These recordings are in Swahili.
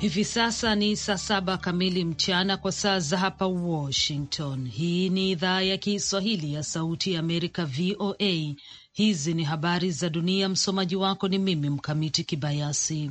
Hivi sasa ni saa saba kamili mchana kwa saa za hapa Washington. Hii ni idhaa ya Kiswahili ya Sauti ya Amerika, VOA. Hizi ni habari za dunia. Msomaji wako ni mimi Mkamiti Kibayasi.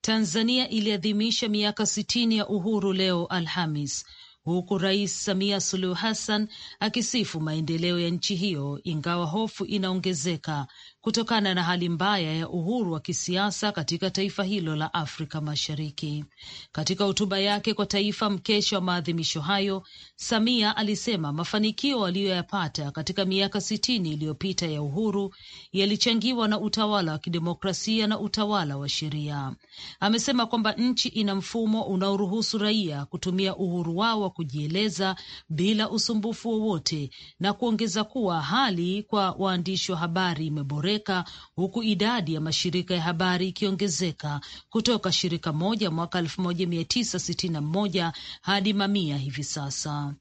Tanzania iliadhimisha miaka sitini ya uhuru leo Alhamis, huku Rais Samia Suluhu Hassan akisifu maendeleo ya nchi hiyo, ingawa hofu inaongezeka kutokana na hali mbaya ya uhuru wa kisiasa katika taifa hilo la Afrika Mashariki. Katika hotuba yake kwa taifa mkesha wa maadhimisho hayo, Samia alisema mafanikio aliyoyapata katika miaka sitini iliyopita ya uhuru yalichangiwa na utawala wa kidemokrasia na utawala wa sheria. Amesema kwamba nchi ina mfumo unaoruhusu raia kutumia uhuru wao wa kujieleza bila usumbufu wowote, na kuongeza kuwa hali kwa waandishi wa habari imeboreka kuboreka huku idadi ya mashirika ya habari ikiongezeka kutoka shirika moja mwaka 1961 hadi mamia hivi sasa.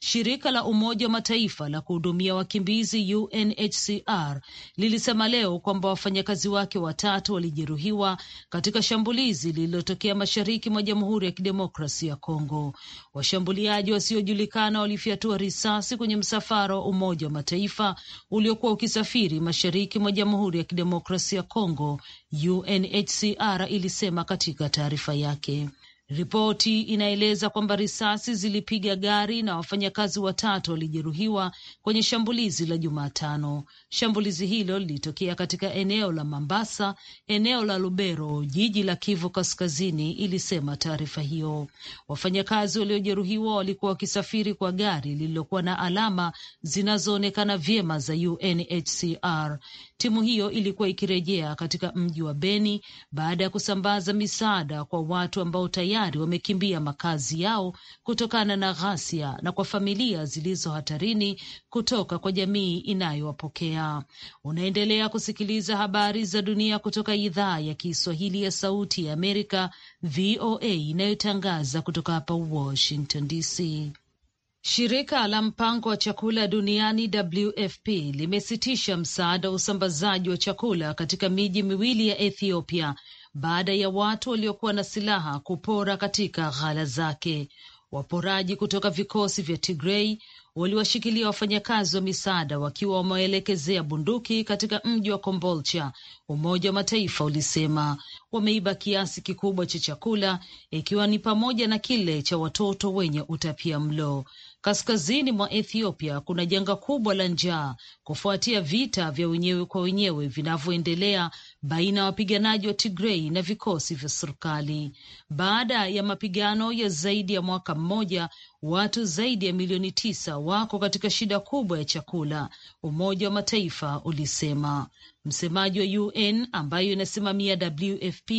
Shirika la Umoja wa Mataifa la kuhudumia wakimbizi UNHCR lilisema leo kwamba wafanyakazi wake watatu walijeruhiwa katika shambulizi lililotokea mashariki mwa Jamhuri ya Kidemokrasia ya Kongo. Washambuliaji wasiojulikana walifyatua risasi kwenye msafara wa Umoja wa Mataifa uliokuwa ukisafiri mashariki mwa Jamhuri ya Kidemokrasia ya Kongo, UNHCR ilisema katika taarifa yake. Ripoti inaeleza kwamba risasi zilipiga gari na wafanyakazi watatu walijeruhiwa kwenye shambulizi la Jumatano. Shambulizi hilo lilitokea katika eneo la Mambasa, eneo la Lubero, jiji la Kivu Kaskazini, ilisema taarifa hiyo. Wafanyakazi waliojeruhiwa walikuwa wakisafiri kwa gari lililokuwa na alama zinazoonekana vyema za UNHCR. Timu hiyo ilikuwa ikirejea katika mji wa Beni baada ya kusambaza misaada kwa watu ambao tayari tayari wamekimbia makazi yao kutokana na ghasia na kwa familia zilizo hatarini kutoka kwa jamii inayowapokea. Unaendelea kusikiliza habari za dunia kutoka idhaa ya Kiswahili ya Sauti ya Amerika, VOA, inayotangaza kutoka hapa Washington DC. Shirika la mpango wa chakula duniani WFP limesitisha msaada wa usambazaji wa chakula katika miji miwili ya Ethiopia baada ya watu waliokuwa na silaha kupora katika ghala zake. Waporaji kutoka vikosi vya Tigrei waliwashikilia wafanyakazi wa misaada wakiwa wamewaelekezea bunduki katika mji wa Kombolcha. Umoja wa Mataifa ulisema wameiba kiasi kikubwa cha chakula, ikiwa ni pamoja na kile cha watoto wenye utapia mlo. Kaskazini mwa Ethiopia kuna janga kubwa la njaa kufuatia vita vya wenyewe kwa wenyewe vinavyoendelea baina ya wapiganaji wa Tigrei na vikosi vya serikali. Baada ya mapigano ya zaidi ya mwaka mmoja, watu zaidi ya milioni tisa wako katika shida kubwa ya chakula, Umoja wa Mataifa ulisema. Msemaji wa UN ambayo inasimamia WFP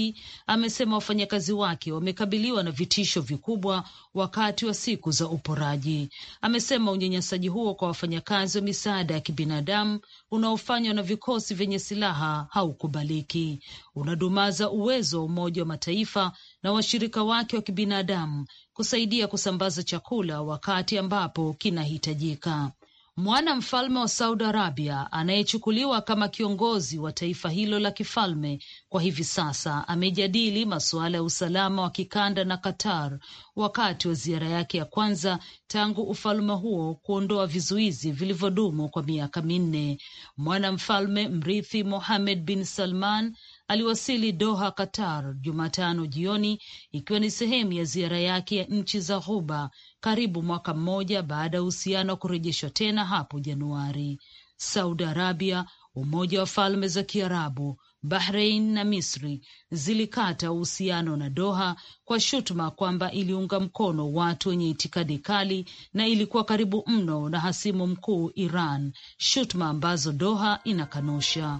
amesema wafanyakazi wake wamekabiliwa na vitisho vikubwa wakati wa siku za uporaji. Amesema unyanyasaji huo kwa wafanyakazi wa misaada ya kibinadamu unaofanywa na vikosi vyenye silaha haukubaliki, unadumaza uwezo wa Umoja wa Mataifa na washirika wake wa kibinadamu kusaidia kusambaza chakula wakati ambapo kinahitajika mwana mfalme wa Saudi Arabia anayechukuliwa kama kiongozi wa taifa hilo la kifalme kwa hivi sasa amejadili masuala ya usalama wa kikanda na Qatar wakati wa ziara yake ya kwanza tangu ufalme huo kuondoa vizuizi vilivyodumu kwa miaka minne. Mwanamfalme mrithi Mohammed bin Salman aliwasili Doha, Qatar, Jumatano jioni ikiwa ni sehemu ya ziara yake ya nchi za Ghuba, karibu mwaka mmoja baada ya uhusiano wa kurejeshwa tena hapo Januari. Saudi Arabia, Umoja wa Falme za Kiarabu, bahrein na Misri zilikata uhusiano na Doha kwa shutuma kwamba iliunga mkono watu wenye itikadi kali na ilikuwa karibu mno na hasimu mkuu Iran, shutuma ambazo Doha inakanusha.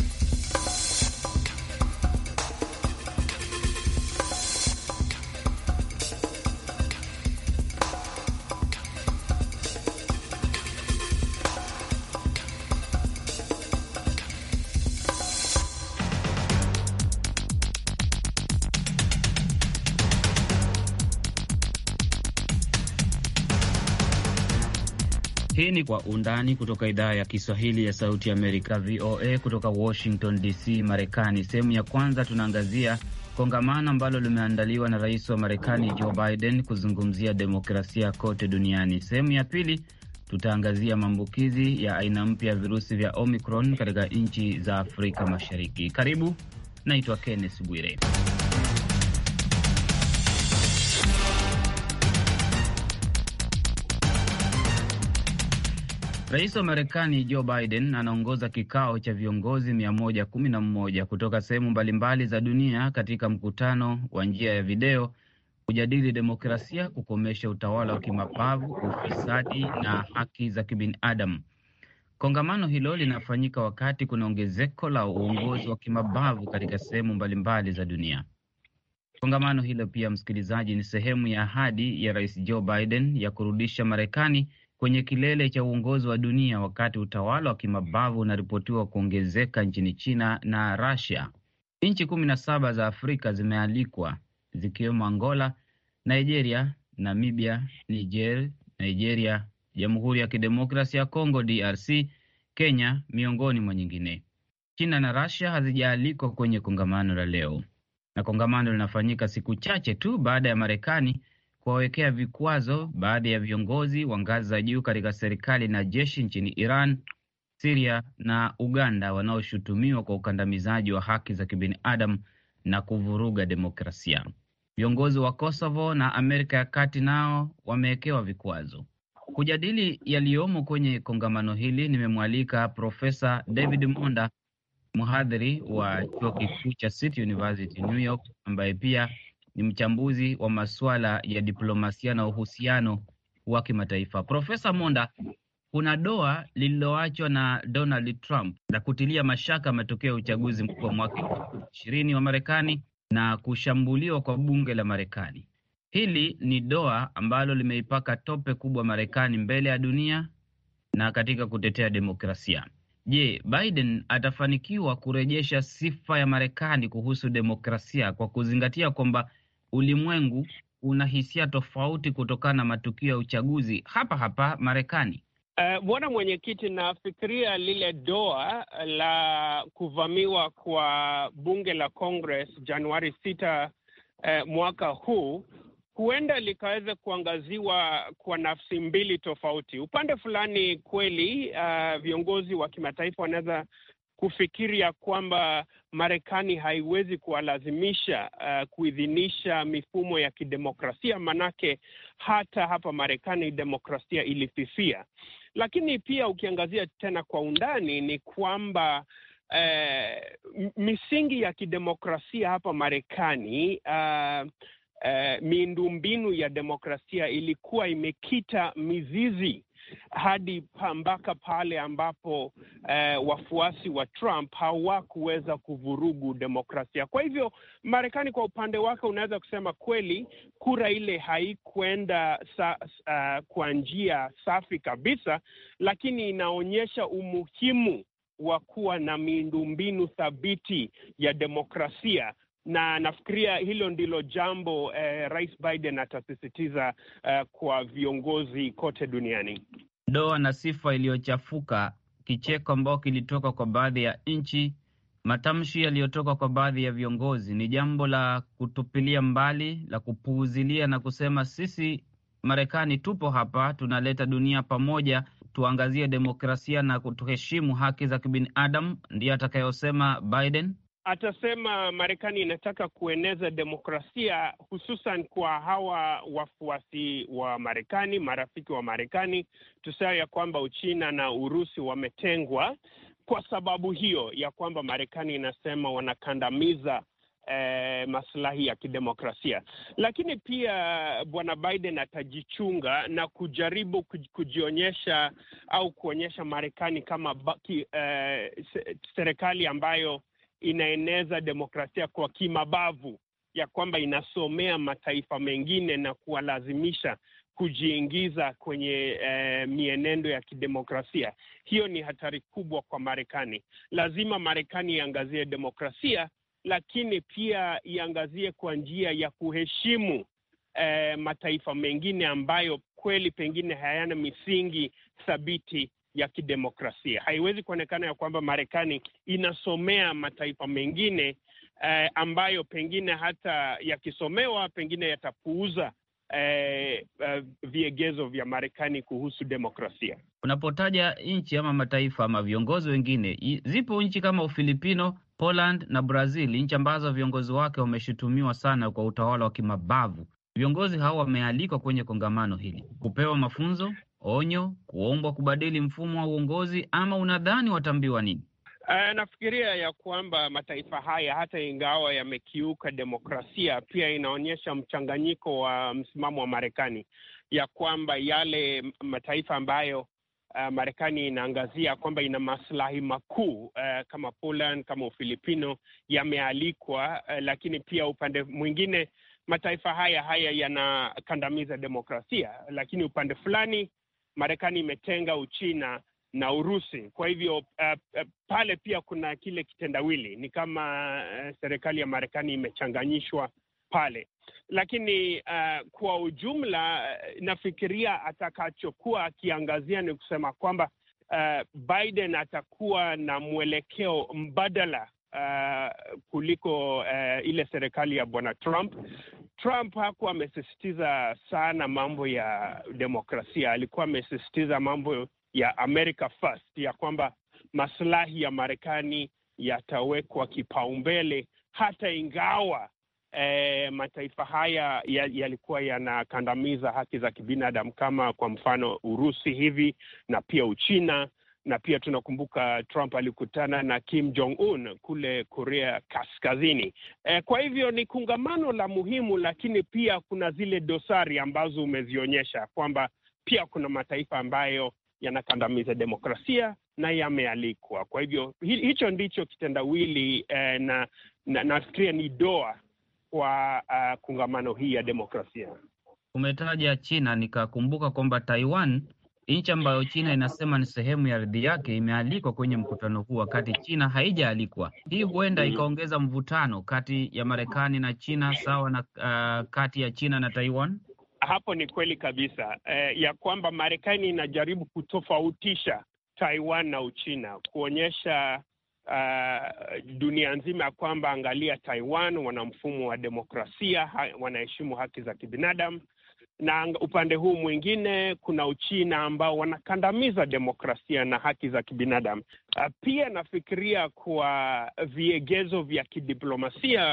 ni Kwa Undani kutoka idhaa ya Kiswahili ya Sauti Amerika, VOA, kutoka Washington DC, Marekani. Sehemu ya kwanza tunaangazia kongamano ambalo limeandaliwa na rais wa Marekani Joe Biden kuzungumzia demokrasia kote duniani. Sehemu ya pili tutaangazia maambukizi ya aina mpya ya virusi vya Omicron katika nchi za Afrika Mashariki. Karibu, naitwa Kenneth Bwire. Rais wa Marekani Joe Biden anaongoza kikao cha viongozi 111 kutoka sehemu mbalimbali za dunia katika mkutano wa njia ya video kujadili demokrasia, kukomesha utawala wa kimabavu, ufisadi na haki za kibinadamu. Kongamano hilo linafanyika wakati kuna ongezeko la uongozi wa kimabavu katika sehemu mbalimbali za dunia. Kongamano hilo pia, msikilizaji, ni sehemu ya ahadi ya Rais Joe Biden ya kurudisha Marekani kwenye kilele cha uongozi wa dunia wakati utawala wa kimabavu unaripotiwa kuongezeka nchini China na Russia. Nchi kumi na saba za Afrika zimealikwa zikiwemo Angola, Nigeria, Namibia, Niger, Nigeria, Jamhuri ya Kidemokrasia ya Kongo DRC, Kenya miongoni mwa nyingine. China na Russia hazijaalikwa kwenye kongamano la leo, na kongamano linafanyika siku chache tu baada ya Marekani kuwawekea vikwazo baadhi ya viongozi wa ngazi za juu katika serikali na jeshi nchini Iran, Siria na Uganda wanaoshutumiwa kwa ukandamizaji wa haki za kibinadamu na kuvuruga demokrasia. Viongozi wa Kosovo na Amerika ya Kati nao wamewekewa vikwazo. Kujadili yaliyomo kwenye kongamano hili, nimemwalika Profesa David Monda, mhadhiri wa chuo kikuu cha City University New York, ambaye pia ni mchambuzi wa masuala ya diplomasia na uhusiano wa kimataifa. Profesa Monda, kuna doa lililoachwa na Donald Trump la kutilia mashaka matokeo ya uchaguzi mkuu wa mwaka ishirini wa Marekani na kushambuliwa kwa bunge la Marekani. Hili ni doa ambalo limeipaka tope kubwa Marekani mbele ya dunia na katika kutetea demokrasia. Je, Biden atafanikiwa kurejesha sifa ya Marekani kuhusu demokrasia kwa kuzingatia kwamba ulimwengu una hisia tofauti kutokana na matukio ya uchaguzi hapa hapa Marekani. Eh, Bwana uh, mwenyekiti, nafikiria lile doa eh, la kuvamiwa kwa bunge la Congress Januari sita uh, mwaka huu huenda likaweza kuangaziwa kwa nafsi mbili tofauti. Upande fulani kweli, uh, viongozi wa kimataifa wanaweza kufikiri ya kwamba Marekani haiwezi kuwalazimisha uh, kuidhinisha mifumo ya kidemokrasia, manake hata hapa Marekani demokrasia ilififia. Lakini pia ukiangazia tena kwa undani ni kwamba uh, misingi ya kidemokrasia hapa Marekani uh, eh, miundombinu ya demokrasia ilikuwa imekita mizizi hadi mpaka pale ambapo eh, wafuasi wa Trump hawakuweza kuvurugu demokrasia. Kwa hivyo Marekani kwa upande wake, unaweza kusema kweli kura ile haikuenda uh, kwa njia safi kabisa, lakini inaonyesha umuhimu wa kuwa na miundombinu thabiti ya demokrasia na nafikiria hilo ndilo jambo eh, Rais Biden atasisitiza eh, kwa viongozi kote duniani. Doa na sifa iliyochafuka, kicheko ambao kilitoka kwa baadhi ya nchi, matamshi yaliyotoka kwa baadhi ya viongozi ni jambo la kutupilia mbali, la kupuuzilia na kusema sisi Marekani tupo hapa, tunaleta dunia pamoja, tuangazie demokrasia na kutuheshimu haki za kibinadamu, ndiyo atakayosema Biden atasema Marekani inataka kueneza demokrasia hususan kwa hawa wafuasi wa Marekani, marafiki wa Marekani. Tusahau ya kwamba Uchina na Urusi wametengwa kwa sababu hiyo ya kwamba Marekani inasema wanakandamiza eh, maslahi ya kidemokrasia. Lakini pia bwana Biden atajichunga na kujaribu kujionyesha au kuonyesha Marekani kama baki, eh, serikali ambayo inaeneza demokrasia kwa kimabavu, ya kwamba inasomea mataifa mengine na kuwalazimisha kujiingiza kwenye eh, mienendo ya kidemokrasia. Hiyo ni hatari kubwa kwa Marekani. Lazima Marekani iangazie demokrasia, lakini pia iangazie kwa njia ya kuheshimu eh, mataifa mengine ambayo kweli pengine hayana misingi thabiti ya kidemokrasia. Haiwezi kuonekana ya kwamba Marekani inasomea mataifa mengine eh, ambayo pengine hata yakisomewa pengine yatapuuza eh, eh, viegezo vya Marekani kuhusu demokrasia. Unapotaja nchi ama mataifa ama viongozi wengine, zipo nchi kama Ufilipino, Poland na Brazil, nchi ambazo viongozi wake wameshutumiwa sana kwa utawala wa kimabavu. Viongozi hao wamealikwa kwenye kongamano hili kupewa mafunzo onyo, kuombwa kubadili mfumo wa uongozi, ama unadhani watambiwa nini? Uh, nafikiria ya kwamba mataifa haya hata ingawa yamekiuka demokrasia, pia inaonyesha mchanganyiko wa msimamo wa Marekani ya kwamba yale mataifa ambayo uh, Marekani inaangazia kwamba ina maslahi makuu uh, kama Poland, kama Ufilipino yamealikwa, uh, lakini pia upande mwingine mataifa haya haya yanakandamiza demokrasia, lakini upande fulani Marekani imetenga Uchina na Urusi. Kwa hivyo uh, pale pia kuna kile kitendawili, ni kama uh, serikali ya Marekani imechanganyishwa pale, lakini uh, kwa ujumla nafikiria atakachokuwa akiangazia ni kusema kwamba uh, Biden atakuwa na mwelekeo mbadala uh, kuliko uh, ile serikali ya bwana Trump Trump hakuwa amesisitiza sana mambo ya demokrasia, alikuwa amesisitiza mambo ya America first, ya kwamba masilahi ya Marekani yatawekwa kipaumbele hata ingawa E, mataifa haya yalikuwa ya yanakandamiza haki za kibinadamu kama kwa mfano Urusi hivi na pia Uchina na pia tunakumbuka Trump alikutana na Kim Jong Un kule Korea Kaskazini. E, kwa hivyo ni kungamano la muhimu, lakini pia kuna zile dosari ambazo umezionyesha kwamba pia kuna mataifa ambayo yanakandamiza demokrasia na yamealikwa. Kwa hivyo hicho ndicho kitendawili eh, na nafikiria na ni doa kwa uh, ah, kungamano hii ya demokrasia. Umetaja China, nikakumbuka kwamba Taiwan Nchi ambayo China inasema ni sehemu ya ardhi yake imealikwa kwenye mkutano huu, wakati China haijaalikwa. Hii huenda mm-hmm. ikaongeza mvutano kati ya Marekani na China, sawa na uh, kati ya China na Taiwan. Hapo ni kweli kabisa eh, ya kwamba Marekani inajaribu kutofautisha Taiwan na Uchina, kuonyesha uh, dunia nzima ya kwamba angalia, Taiwan wana mfumo wa demokrasia, ha, wanaheshimu haki za kibinadamu na upande huu mwingine kuna Uchina ambao wanakandamiza demokrasia na haki za kibinadamu. Ah, pia nafikiria kwa viegezo vya kidiplomasia,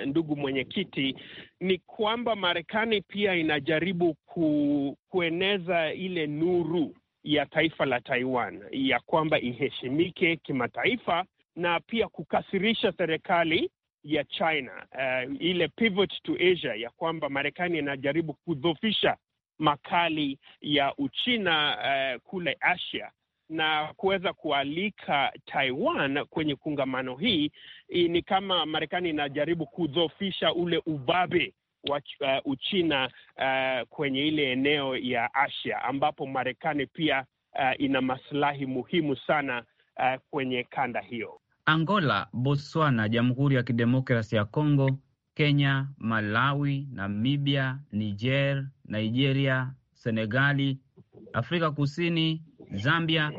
uh, ndugu mwenyekiti, ni kwamba Marekani pia inajaribu ku, kueneza ile nuru ya taifa la Taiwan ya kwamba iheshimike kimataifa na pia kukasirisha serikali ya China uh, ile pivot to Asia ya kwamba Marekani inajaribu kudhofisha makali ya Uchina uh, kule Asia na kuweza kualika Taiwan kwenye kungamano hii, ni kama Marekani inajaribu kudhofisha ule ubabe wa uh, Uchina uh, kwenye ile eneo ya Asia ambapo Marekani pia uh, ina masilahi muhimu sana uh, kwenye kanda hiyo. Angola, Botswana, Jamhuri ya Kidemokrasi ya Kongo, Kenya, Malawi, Namibia, Niger, Nigeria, Senegali, Afrika Kusini, Zambia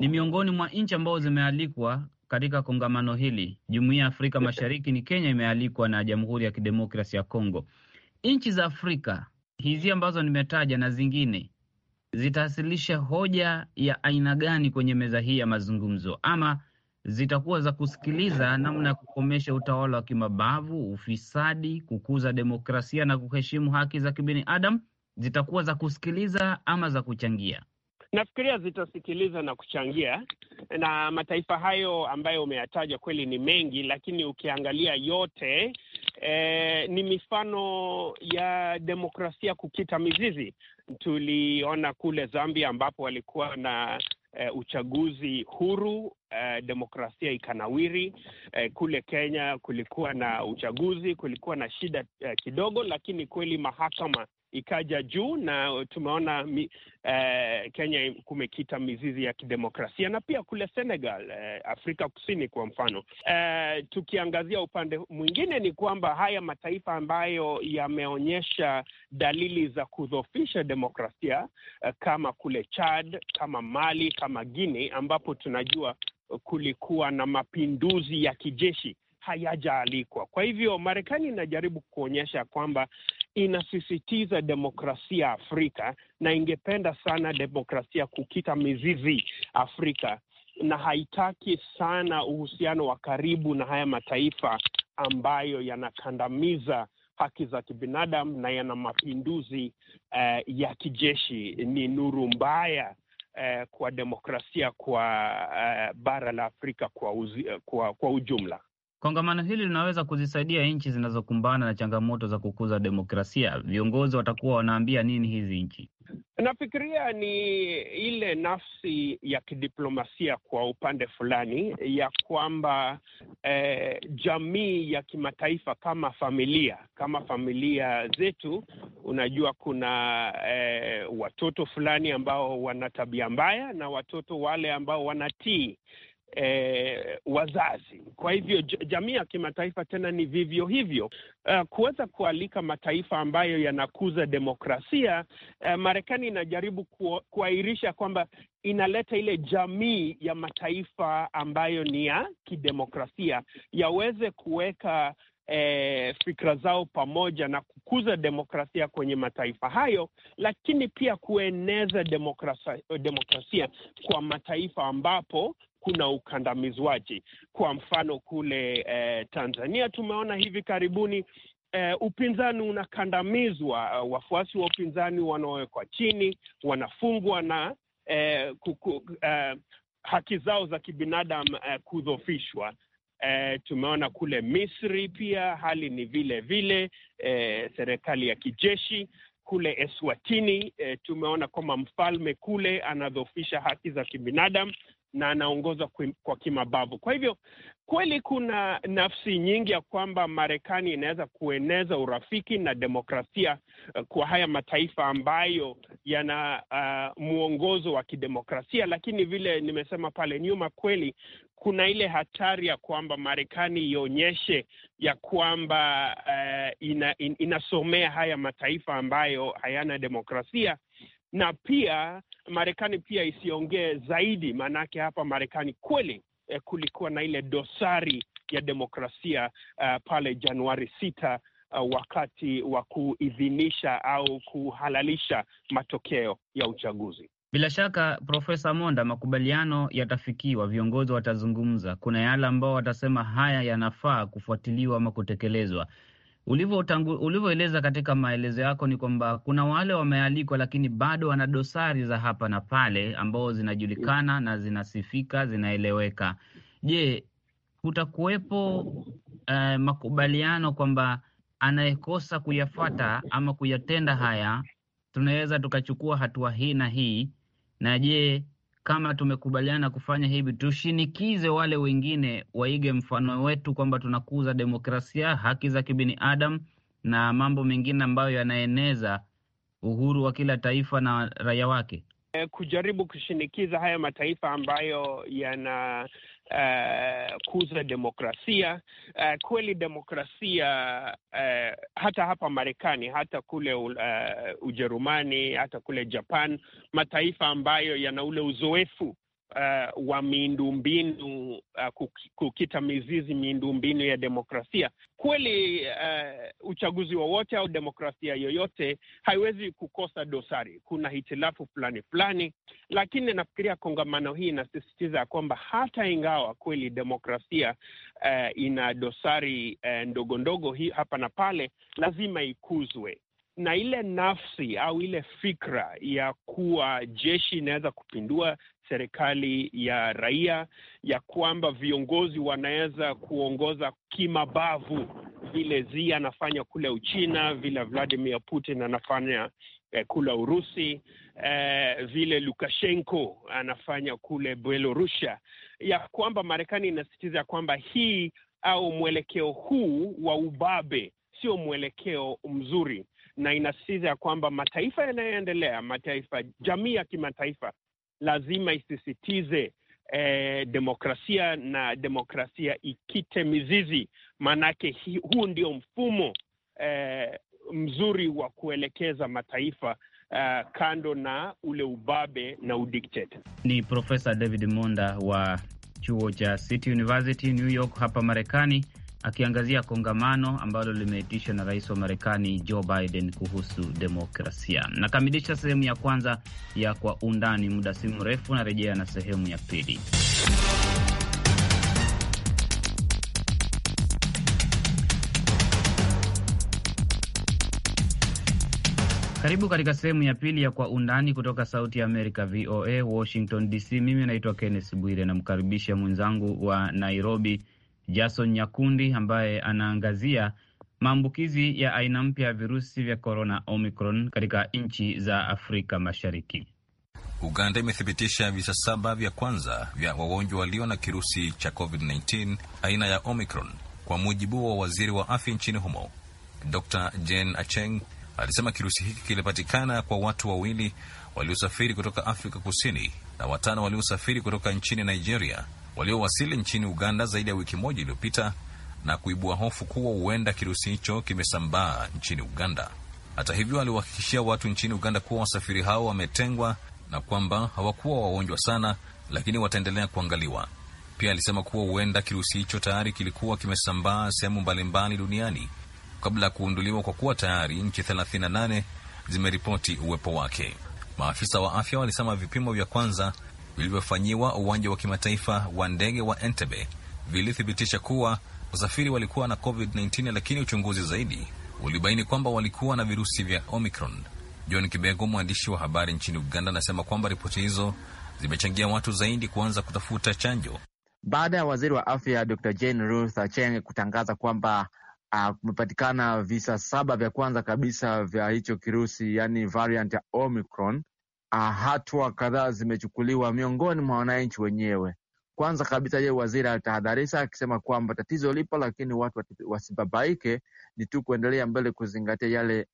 ni miongoni mwa nchi ambazo zimealikwa katika kongamano hili. Jumuiya ya Afrika Mashariki ni Kenya imealikwa na Jamhuri ya Kidemokrasi ya Kongo. Nchi za Afrika hizi ambazo nimetaja na zingine zitawasilisha hoja ya aina gani kwenye meza hii ya mazungumzo, ama zitakuwa za kusikiliza namna ya kukomesha utawala wa kimabavu, ufisadi, kukuza demokrasia na kuheshimu haki za kibinadamu? Zitakuwa za kusikiliza ama za kuchangia? Nafikiria zitasikiliza na kuchangia, na mataifa hayo ambayo umeyataja kweli ni mengi, lakini ukiangalia yote eh, ni mifano ya demokrasia kukita mizizi. Tuliona kule Zambia ambapo walikuwa na uh, uchaguzi huru uh, demokrasia ikanawiri. Uh, kule Kenya kulikuwa na uchaguzi, kulikuwa na shida uh, kidogo, lakini kweli mahakama ikaja juu na tumeona mi, eh, Kenya kumekita mizizi ya kidemokrasia na pia kule Senegal, eh, Afrika Kusini kwa mfano. Eh, tukiangazia upande mwingine ni kwamba haya mataifa ambayo yameonyesha dalili za kudhofisha demokrasia eh, kama kule Chad, kama Mali, kama Guinea ambapo tunajua kulikuwa na mapinduzi ya kijeshi hayajaalikwa. Kwa hivyo Marekani inajaribu kuonyesha kwamba inasisitiza demokrasia Afrika na ingependa sana demokrasia kukita mizizi Afrika na haitaki sana uhusiano wa karibu na haya mataifa ambayo yanakandamiza haki za kibinadamu na yana mapinduzi uh, ya kijeshi. Ni nuru mbaya uh, kwa demokrasia kwa uh, bara la Afrika kwa, uzi, uh, kwa, kwa ujumla. Kongamano hili linaweza kuzisaidia nchi zinazokumbana na changamoto za kukuza demokrasia. Viongozi watakuwa wanaambia nini hizi nchi? Nafikiria ni ile nafsi ya kidiplomasia kwa upande fulani ya kwamba eh, jamii ya kimataifa kama familia kama familia zetu, unajua kuna eh, watoto fulani ambao wana tabia mbaya na watoto wale ambao wanatii, eh, wazazi. Kwa hivyo jamii ya kimataifa tena ni vivyo hivyo, uh, kuweza kualika mataifa ambayo yanakuza demokrasia. Uh, Marekani inajaribu kuahirisha kwamba inaleta ile jamii ya mataifa ambayo ni ya kidemokrasia yaweze kuweka E, fikra zao pamoja na kukuza demokrasia kwenye mataifa hayo, lakini pia kueneza demokrasia, demokrasia kwa mataifa ambapo kuna ukandamizwaji. Kwa mfano kule eh, Tanzania tumeona hivi karibuni eh, upinzani unakandamizwa, eh, wafuasi wa upinzani wanawekwa chini, wanafungwa na eh, kuku, eh, haki zao za kibinadamu eh, kudhofishwa. Eh, tumeona kule Misri pia hali ni vile vile, eh, serikali ya kijeshi kule Eswatini eh, tumeona kwamba mfalme kule anadhofisha haki za kibinadamu na anaongozwa kwa kimabavu. Kwa hivyo kweli kuna nafsi nyingi ya kwamba Marekani inaweza kueneza urafiki na demokrasia eh, kwa haya mataifa ambayo yana uh, mwongozo wa kidemokrasia, lakini vile nimesema pale nyuma, kweli kuna ile hatari ya kwamba Marekani ionyeshe ya kwamba uh, ina, in, inasomea haya mataifa ambayo hayana demokrasia na pia Marekani pia isiongee zaidi, maanake hapa Marekani kweli eh, kulikuwa na ile dosari ya demokrasia uh, pale Januari sita uh, wakati wa kuidhinisha au kuhalalisha matokeo ya uchaguzi. Bila shaka, Profesa Monda, makubaliano yatafikiwa, viongozi watazungumza. Kuna yale ambao watasema haya yanafaa kufuatiliwa ama kutekelezwa ulivyoeleza katika maelezo yako ni kwamba kuna wale wamealikwa, lakini bado wana dosari za hapa na pale ambao zinajulikana na zinasifika, zinaeleweka. Je, kutakuwepo uh, makubaliano kwamba anayekosa kuyafata ama kuyatenda haya tunaweza tukachukua hatua hii na hii, na je kama tumekubaliana kufanya hivi, tushinikize wale wengine waige mfano wetu, kwamba tunakuza demokrasia, haki za kibinadamu na mambo mengine ambayo yanaeneza uhuru wa kila taifa na raia wake. Eh, kujaribu kushinikiza haya mataifa ambayo yana uh, kuza demokrasia uh, kweli demokrasia uh, hata hapa Marekani, hata kule uh, Ujerumani, hata kule Japan, mataifa ambayo yana ule uzoefu uh, wa miundombinu uh, kukita mizizi miundombinu ya demokrasia kweli. Uh, uchaguzi wowote au demokrasia yoyote haiwezi kukosa dosari. Kuna hitilafu fulani fulani, lakini nafikiria kongamano hii inasisitiza ya kwamba hata ingawa kweli demokrasia uh, ina dosari uh, ndogo ndogo hii hapa na pale, lazima ikuzwe na ile nafsi au ile fikra ya kuwa jeshi inaweza kupindua serikali ya raia, ya kwamba viongozi wanaweza kuongoza kimabavu vile Xi anafanya kule Uchina, vile Vladimir Putin anafanya eh, kule Urusi, eh, vile Lukashenko anafanya kule Belorusia, ya kwamba Marekani inasisitiza kwamba hii au mwelekeo huu wa ubabe sio mwelekeo mzuri, na inasisitiza kwamba mataifa yanayoendelea, mataifa jamii ya kimataifa lazima isisitize eh, demokrasia na demokrasia ikite mizizi, maanake huu ndio mfumo eh, mzuri wa kuelekeza mataifa Uh, kando na ule ubabe na udikteta. Ni Profesa David Monda wa chuo cha City University New York hapa Marekani akiangazia kongamano ambalo limeitishwa na rais wa Marekani Joe Biden kuhusu demokrasia. Nakamilisha sehemu ya kwanza ya Kwa Undani. Muda si mrefu narejea na sehemu ya pili. Karibu katika sehemu ya pili ya Kwa Undani kutoka Sauti ya Amerika, VOA Washington DC. Mimi naitwa Kenneth Bwire, namkaribisha mwenzangu wa Nairobi Jason Nyakundi ambaye anaangazia maambukizi ya aina mpya ya virusi vya korona Omicron katika nchi za Afrika Mashariki. Uganda imethibitisha visa saba vya kwanza vya wagonjwa walio na kirusi cha COVID-19 aina ya Omicron, kwa mujibu wa waziri wa afya nchini humo. Dr Jane Acheng alisema kirusi hiki kilipatikana kwa watu wawili waliosafiri kutoka Afrika Kusini na watano waliosafiri kutoka nchini Nigeria waliowasili nchini Uganda zaidi ya wiki moja iliyopita na kuibua hofu kuwa huenda kirusi hicho kimesambaa nchini Uganda. Hata hivyo, aliwahakikishia watu nchini Uganda kuwa wasafiri hao wametengwa na kwamba hawakuwa wagonjwa sana, lakini wataendelea kuangaliwa. Pia alisema kuwa huenda kirusi hicho tayari kilikuwa kimesambaa sehemu mbalimbali duniani kabla ya kuunduliwa, kwa kuwa tayari nchi 38 zimeripoti uwepo wake. Maafisa wa afya walisema vipimo vya kwanza vilivyofanyiwa uwanja wa kimataifa wa ndege wa Entebbe vilithibitisha kuwa wasafiri walikuwa na COVID-19, lakini uchunguzi zaidi ulibaini kwamba walikuwa na virusi vya Omicron. John Kibego, mwandishi wa habari nchini Uganda, anasema kwamba ripoti hizo zimechangia watu zaidi kuanza kutafuta chanjo baada ya waziri wa afya Dr Jane Ruth Acheng kutangaza kwamba ah, kumepatikana uh, visa saba vya kwanza kabisa vya hicho kirusi, yani variant ya Omicron Ah, hatua kadhaa zimechukuliwa miongoni mwa wananchi wenyewe. Kwanza kabisa, yeye waziri alitahadharisha akisema kwamba tatizo lipo, lakini watu wasibabaike, ni tu kuendelea mbele kuzingatia yale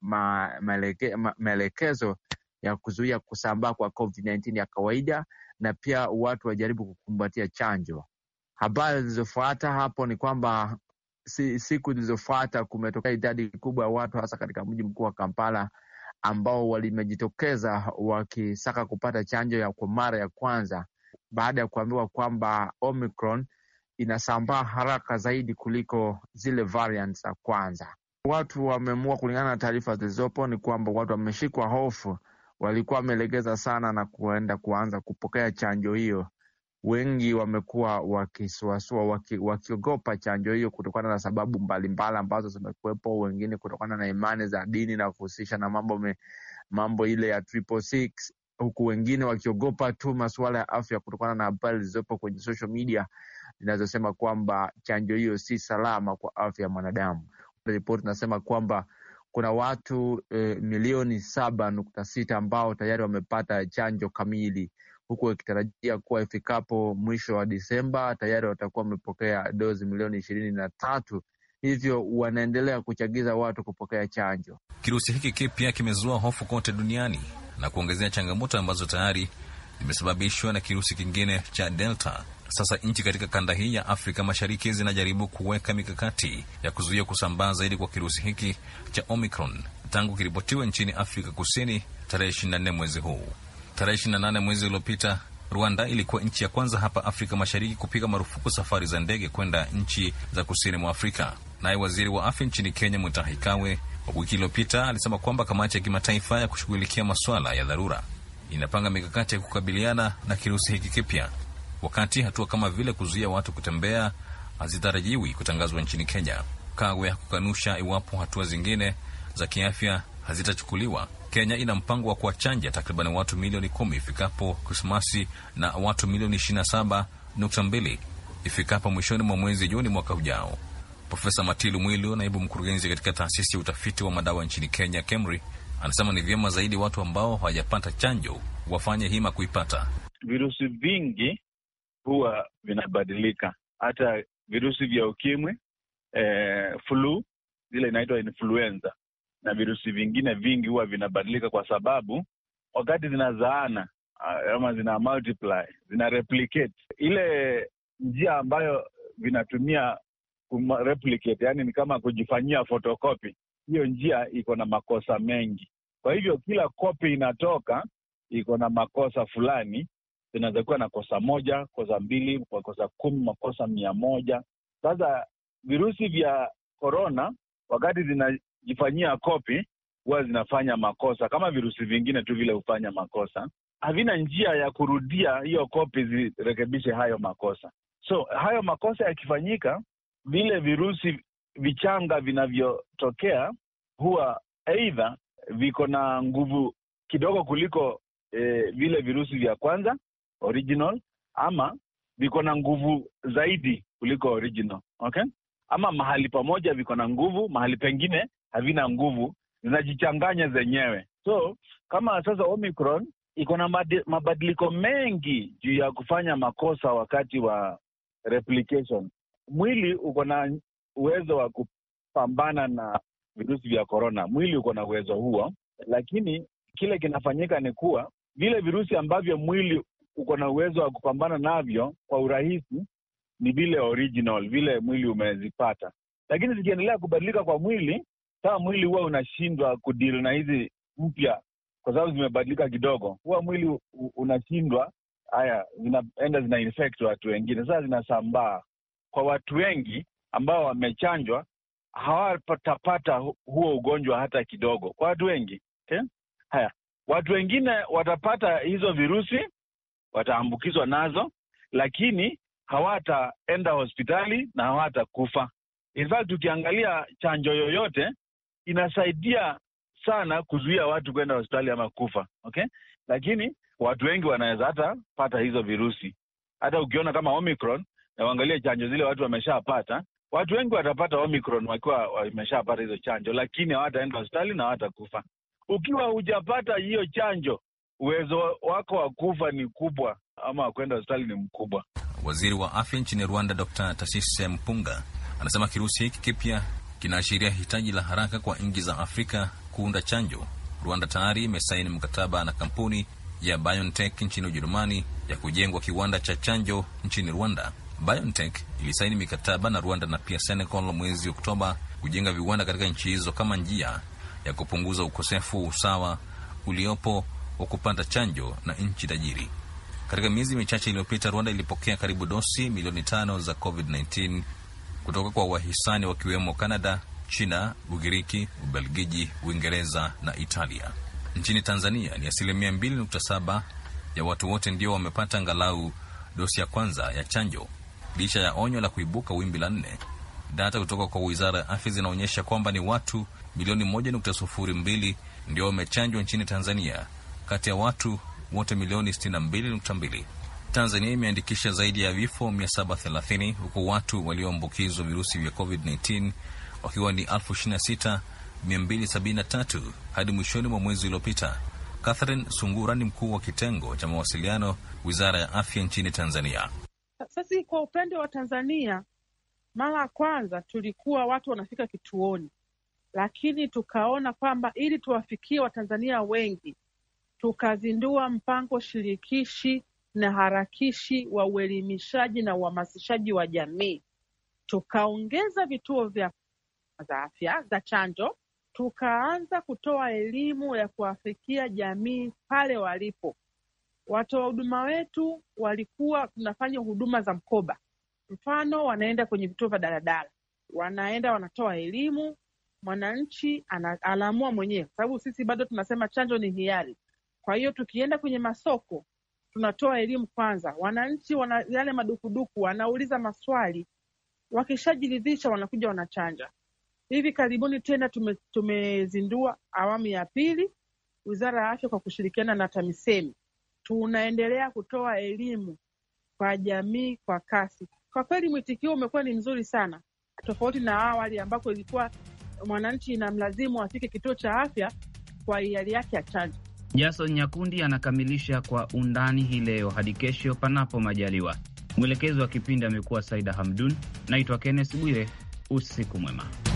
maelekezo ya kuzuia kusambaa kwa COVID-19 ya kawaida, na pia watu wajaribu kukumbatia chanjo. Habari zilizofuata hapo ni kwamba siku zilizofuata kumetokea idadi kubwa ya watu hasa katika mji mkuu wa Kampala ambao walimejitokeza wakisaka kupata chanjo kwa mara ya kwanza baada ya kuambiwa kwamba Omicron inasambaa haraka zaidi kuliko zile variants za kwanza. Watu wameamua, kulingana na taarifa zilizopo, ni kwamba watu wameshikwa hofu, walikuwa wamelegeza sana na kuenda kuanza kupokea chanjo hiyo wengi wamekuwa wakisuasua waki, wakiogopa chanjo hiyo kutokana na sababu mbalimbali ambazo zimekuwepo, wengine kutokana na imani za dini na kuhusisha na mambo, me, mambo ile ya triple six, huku wengine wakiogopa tu masuala ya afya kutokana na habari zilizopo kwenye social media zinazosema kwamba chanjo hiyo si salama kwa afya ya mwanadamu. Ripoti inasema kwamba kuna watu eh, milioni saba nukta sita ambao tayari wamepata chanjo kamili huku wakitarajia kuwa ifikapo mwisho wa Disemba tayari watakuwa wamepokea dozi milioni ishirini na tatu hivyo wanaendelea kuchagiza watu kupokea chanjo. Kirusi hiki kipya kimezua hofu kote duniani na kuongezea changamoto ambazo tayari zimesababishwa na kirusi kingine cha Delta. Sasa nchi katika kanda hii ya Afrika Mashariki zinajaribu kuweka mikakati ya kuzuia kusambaa zaidi kwa kirusi hiki cha Omicron tangu kiripotiwe nchini Afrika Kusini tarehe 24 mwezi huu. Tarehe 28 mwezi uliopita, Rwanda ilikuwa nchi ya kwanza hapa Afrika Mashariki kupiga marufuku safari za ndege kwenda nchi za kusini mwa Afrika. Naye waziri wa afya nchini Kenya, Mutahi Kagwe, wiki iliyopita alisema kwamba kamati ya kimataifa ya kushughulikia masuala ya dharura inapanga mikakati ya kukabiliana na kirusi hiki kipya, wakati hatua kama vile kuzuia watu kutembea hazitarajiwi kutangazwa nchini Kenya. Kagwe hakukanusha iwapo hatua zingine za kiafya hazitachukuliwa Kenya ina mpango wa kuwachanja takriban watu milioni kumi ifikapo Krismasi na watu milioni 27.2 ifikapo mwishoni mwa mwezi Juni mwaka ujao. Profesa Matilu Mwilu, naibu mkurugenzi katika taasisi ya utafiti wa madawa nchini Kenya, KEMRI, anasema ni vyema zaidi watu ambao hawajapata chanjo wafanye hima kuipata. Virusi vingi huwa vinabadilika, hata virusi vya ukimwi, eh, flu, zile inaitwa influenza na virusi vingine vingi huwa vinabadilika kwa sababu wakati zinazaana ah, ama zina multiply, zina replicate ile njia ambayo vinatumia yani ni kama kujifanyia photocopy. Hiyo njia iko na makosa mengi, kwa hivyo kila kopi inatoka iko na makosa fulani, zinaweza kuwa na kosa moja, kosa mbili, makosa kumi, makosa mia moja. Sasa virusi vya korona wakati zina kujifanyia kopi huwa zinafanya makosa kama virusi vingine tu vile hufanya makosa. Havina njia ya kurudia hiyo kopi zirekebishe hayo makosa. So hayo makosa yakifanyika, vile virusi vichanga vinavyotokea huwa aidha viko na nguvu kidogo kuliko e, vile virusi vya kwanza original, ama viko na nguvu zaidi kuliko original, okay? Ama mahali pamoja viko na nguvu, mahali pengine havina nguvu, zinajichanganya zenyewe. So kama sasa Omicron iko na mabadiliko mengi juu ya kufanya makosa wakati wa replication. Mwili uko na uwezo wa kupambana na virusi vya korona, mwili uko na uwezo huo, lakini kile kinafanyika ni kuwa vile virusi ambavyo mwili uko na uwezo wa kupambana navyo kwa urahisi ni vile original, vile mwili umezipata, lakini zikiendelea kubadilika kwa mwili saa mwili huwa unashindwa kudili na hizi mpya, kwa sababu zimebadilika kidogo, huwa mwili unashindwa. Haya, zinaenda zina infect watu wengine, sasa zinasambaa kwa watu wengi ambao wamechanjwa hawatapata huo ugonjwa hata kidogo, kwa watu wengi okay? Eh, haya, watu wengine watapata hizo virusi, wataambukizwa nazo, lakini hawataenda hospitali na hawatakufa. In fact, ukiangalia chanjo yoyote inasaidia sana kuzuia watu kwenda hospitali ama kufa, okay? Lakini watu wengi wanaweza hata pata hizo virusi. Hata ukiona kama Omicron na uangalie chanjo zile watu wameshapata, watu wengi watapata Omicron wakiwa wameshapata hizo chanjo, lakini hawataenda hospitali na hawatakufa. Ukiwa hujapata hiyo chanjo, uwezo wako wa kufa ni kubwa ama wakwenda hospitali ni mkubwa. Waziri wa afya nchini Rwanda Dr. Tasise Mpunga anasema kirusi hiki kipya kinaashiria hitaji la haraka kwa nchi za Afrika kuunda chanjo. Rwanda tayari imesaini mkataba na kampuni ya BioNTech nchini Ujerumani ya kujengwa kiwanda cha chanjo nchini Rwanda. BioNTech ilisaini mikataba na Rwanda na pia Senegal mwezi Oktoba kujenga viwanda katika nchi hizo kama njia ya kupunguza ukosefu wa usawa uliopo wa kupata chanjo na nchi tajiri. Katika miezi michache iliyopita, Rwanda ilipokea karibu dosi milioni tano za COVID-19 kutoka kwa wahisani wakiwemo Kanada, China, Ugiriki, Ubelgiji, Uingereza na Italia. Nchini Tanzania ni asilimia 2.7 ya watu wote ndio wamepata angalau dosi ya kwanza ya chanjo licha ya onyo la kuibuka wimbi la nne. Data kutoka kwa wizara ya afya zinaonyesha kwamba ni watu milioni 1.02 ndio wamechanjwa nchini Tanzania kati ya watu wote milioni 62.2. Tanzania imeandikisha zaidi ya vifo 730 huku watu walioambukizwa virusi vya COVID-19 wakiwa ni 26273 hadi mwishoni mwa mwezi uliopita. Catherine Sungura ni mkuu wa kitengo cha mawasiliano, wizara ya afya nchini Tanzania. Sasa kwa upande wa Tanzania, mara ya kwanza tulikuwa watu wanafika kituoni, lakini tukaona kwamba ili tuwafikie watanzania wengi tukazindua mpango shirikishi na harakishi wa uelimishaji na uhamasishaji wa jamii, tukaongeza vituo vya za afya za chanjo, tukaanza kutoa elimu ya kuwafikia jamii pale walipo. Watoa huduma wetu walikuwa tunafanya huduma za mkoba, mfano wanaenda kwenye vituo vya daladala, wanaenda wanatoa elimu, mwananchi anaamua mwenyewe, kwa sababu sisi bado tunasema chanjo ni hiari. Kwa hiyo tukienda kwenye masoko tunatoa elimu kwanza, wananchi wana yale madukuduku, wanauliza maswali, wakishajiridhisha wanakuja wanachanja. Hivi karibuni tena tume, tumezindua awamu ya pili, Wizara ya Afya kwa kushirikiana na TAMISEMI tunaendelea kutoa elimu kwa jamii kwa kasi. Kwa kweli mwitikio umekuwa ni mzuri sana, tofauti na awali ambako ilikuwa mwananchi inamlazimu afike kituo cha afya kwa hiari yake ya chanjo. Jason Nyakundi anakamilisha kwa undani hii leo. Hadi kesho, panapo majaliwa. Mwelekezi wa kipindi amekuwa Saida Hamdun. Naitwa Kenneth Bwire. Usiku mwema.